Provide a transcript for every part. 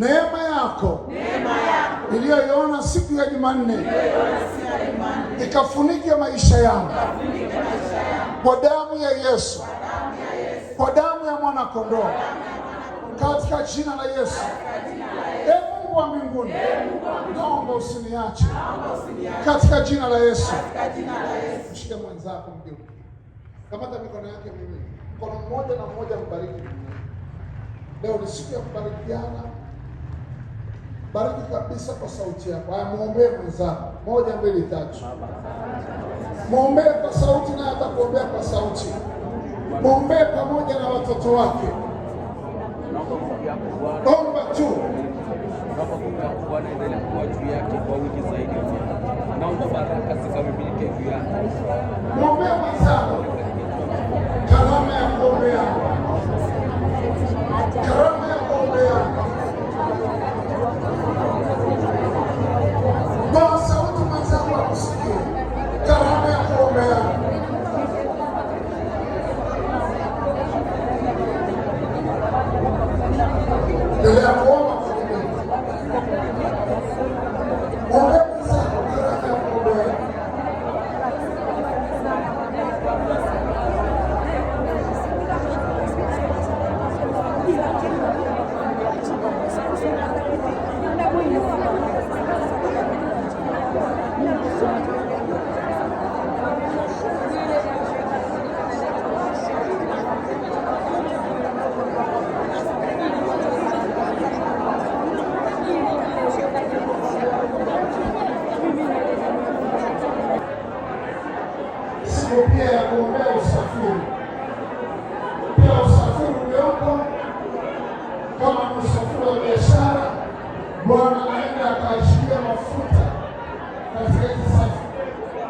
Neema yako, neema yako niliyoiona siku ya Jumanne ikafunike maisha yangu kwa damu ya Yesu, kwa damu ya mwana kondoo, katika jina la Yesu. E Mungu wa mbinguni, naomba usiniache katika jina la Yesu. Mshike mwenzako, mgeuke, kamata mikono yake miwili, mkono mmoja na mmoja, mbariki. Leo ni siku ya kubarikiana. Bariki kabisa kwa sauti yako. Haya, muombee mwenzako. Moja, mbili, tatu. Muombee kwa sauti, naye atakuombea kwa sauti. Muombee pamoja na watoto wake. Omba tu. Naomba baraka Bwana aende akaishiria mafuta katika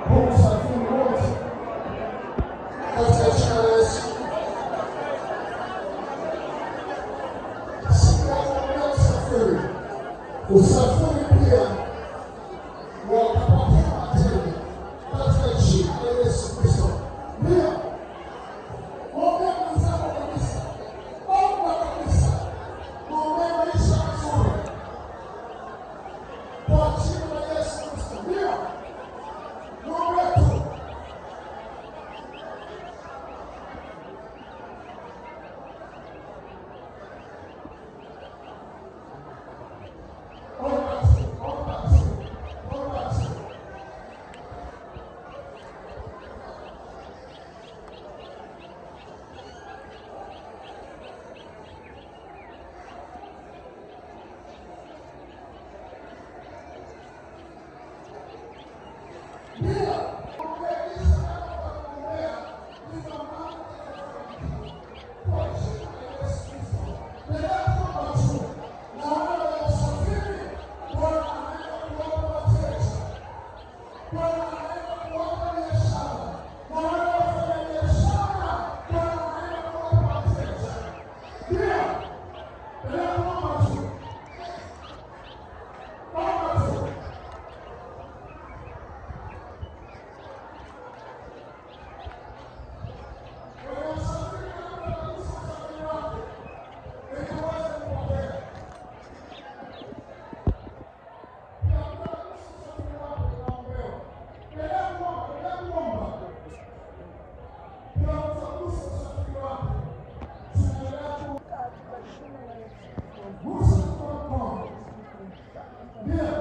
huu usafiri wote, katika jina la Yesu. o usafiri, usafiri pia 我。Whoa. Yeah.